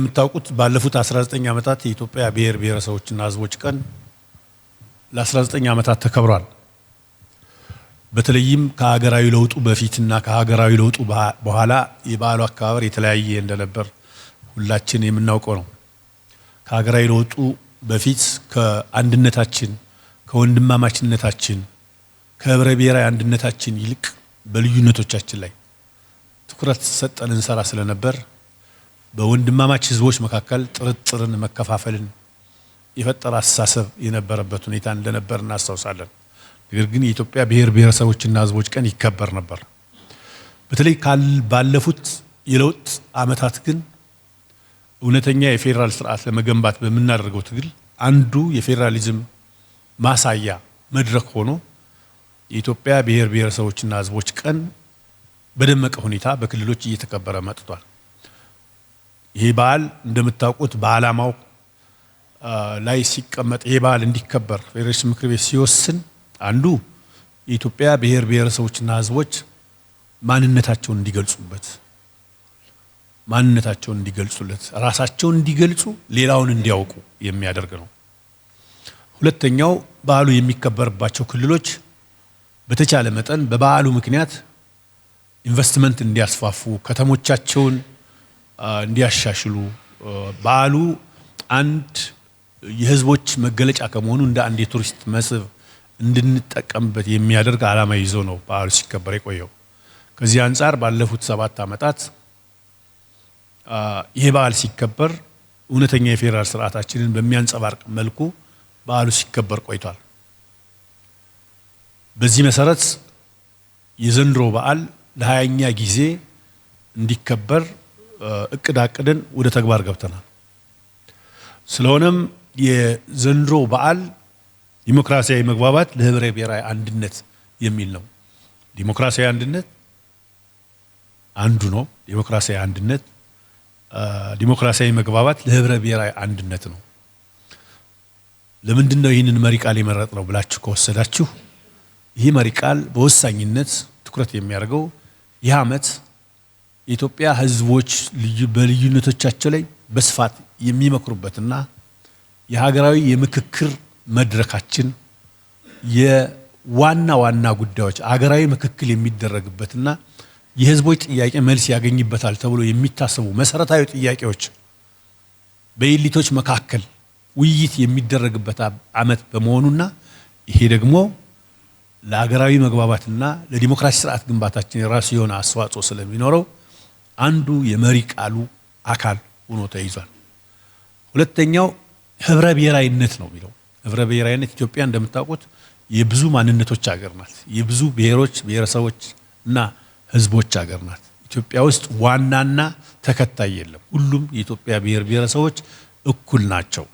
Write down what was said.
የምታውቁት ባለፉት 19 ዓመታት የኢትዮጵያ ብሔር ብሔረሰቦችና ሕዝቦች ቀን ለ19 ዓመታት ተከብሯል። በተለይም ከሀገራዊ ለውጡ በፊትና ከሀገራዊ ለውጡ በኋላ የበዓሉ አከባበር የተለያየ እንደነበር ሁላችን የምናውቀው ነው። ከሀገራዊ ለውጡ በፊት ከአንድነታችን፣ ከወንድማማችነታችን፣ ከህብረ ብሔራዊ አንድነታችን ይልቅ በልዩነቶቻችን ላይ ትኩረት ሰጠን እንሰራ ስለነበር በወንድማማች ህዝቦች መካከል ጥርጥርን፣ መከፋፈልን የፈጠረ አስተሳሰብ የነበረበት ሁኔታ እንደነበር እናስታውሳለን። ነገር ግን የኢትዮጵያ ብሔር ብሔረሰቦችና ህዝቦች ቀን ይከበር ነበር። በተለይ ባለፉት የለውጥ ዓመታት ግን እውነተኛ የፌዴራል ስርዓት ለመገንባት በምናደርገው ትግል አንዱ የፌዴራሊዝም ማሳያ መድረክ ሆኖ የኢትዮጵያ ብሔር ብሔረሰቦችና ህዝቦች ቀን በደመቀ ሁኔታ በክልሎች እየተከበረ መጥቷል። ይህ በዓል እንደምታውቁት በዓላማው ላይ ሲቀመጥ ይህ በዓል እንዲከበር ፌዴሬሽን ምክር ቤት ሲወስን አንዱ የኢትዮጵያ ብሔር ብሔረሰቦችና ሕዝቦች ማንነታቸውን እንዲገልጹበት ማንነታቸውን እንዲገልጹለት ራሳቸውን እንዲገልጹ ሌላውን እንዲያውቁ የሚያደርግ ነው። ሁለተኛው በዓሉ የሚከበርባቸው ክልሎች በተቻለ መጠን በበዓሉ ምክንያት ኢንቨስትመንት እንዲያስፋፉ ከተሞቻቸውን እንዲያሻሽሉ በዓሉ አንድ የህዝቦች መገለጫ ከመሆኑ እንደ አንድ የቱሪስት መስህብ እንድንጠቀምበት የሚያደርግ ዓላማ ይዞ ነው በዓሉ ሲከበር የቆየው። ከዚህ አንጻር ባለፉት ሰባት ዓመታት ይሄ በዓል ሲከበር እውነተኛ የፌዴራል ስርዓታችንን በሚያንጸባርቅ መልኩ በዓሉ ሲከበር ቆይቷል። በዚህ መሰረት የዘንድሮ በዓል ለሀያኛ ጊዜ እንዲከበር እቅድ አቅደን ወደ ተግባር ገብተናል። ስለሆነም የዘንድሮ በዓል ዲሞክራሲያዊ መግባባት ለህብረ ብሔራዊ አንድነት የሚል ነው። ዲሞክራሲያዊ አንድነት አንዱ ነው። ዲሞክራሲያዊ አንድነት ዲሞክራሲያዊ መግባባት ለህብረ ብሔራዊ አንድነት ነው። ለምንድን ነው ይህንን መሪ ቃል የመረጥ ነው ብላችሁ ከወሰዳችሁ ይህ መሪ ቃል በወሳኝነት ትኩረት የሚያደርገው ይህ ዓመት የኢትዮጵያ ህዝቦች በልዩነቶቻቸው ላይ በስፋት የሚመክሩበትና የሀገራዊ የምክክር መድረካችን የዋና ዋና ጉዳዮች ሀገራዊ ምክክል የሚደረግበትና የህዝቦች ጥያቄ መልስ ያገኝበታል ተብሎ የሚታሰቡ መሰረታዊ ጥያቄዎች በኤሊቶች መካከል ውይይት የሚደረግበት ዓመት በመሆኑና ይሄ ደግሞ ለሀገራዊ መግባባትና ለዲሞክራሲ ስርዓት ግንባታችን የራሱ የሆነ አስተዋጽኦ ስለሚኖረው አንዱ የመሪ ቃሉ አካል ሆኖ ተይዟል። ሁለተኛው ህብረ ብሔራዊነት ነው የሚለው ህብረ ብሔራዊነት ኢትዮጵያ እንደምታውቁት የብዙ ማንነቶች ሀገር ናት። የብዙ ብሔሮች ብሔረሰቦች እና ህዝቦች ሀገር ናት። ኢትዮጵያ ውስጥ ዋናና ተከታይ የለም። ሁሉም የኢትዮጵያ ብሔር ብሔረሰቦች እኩል ናቸው።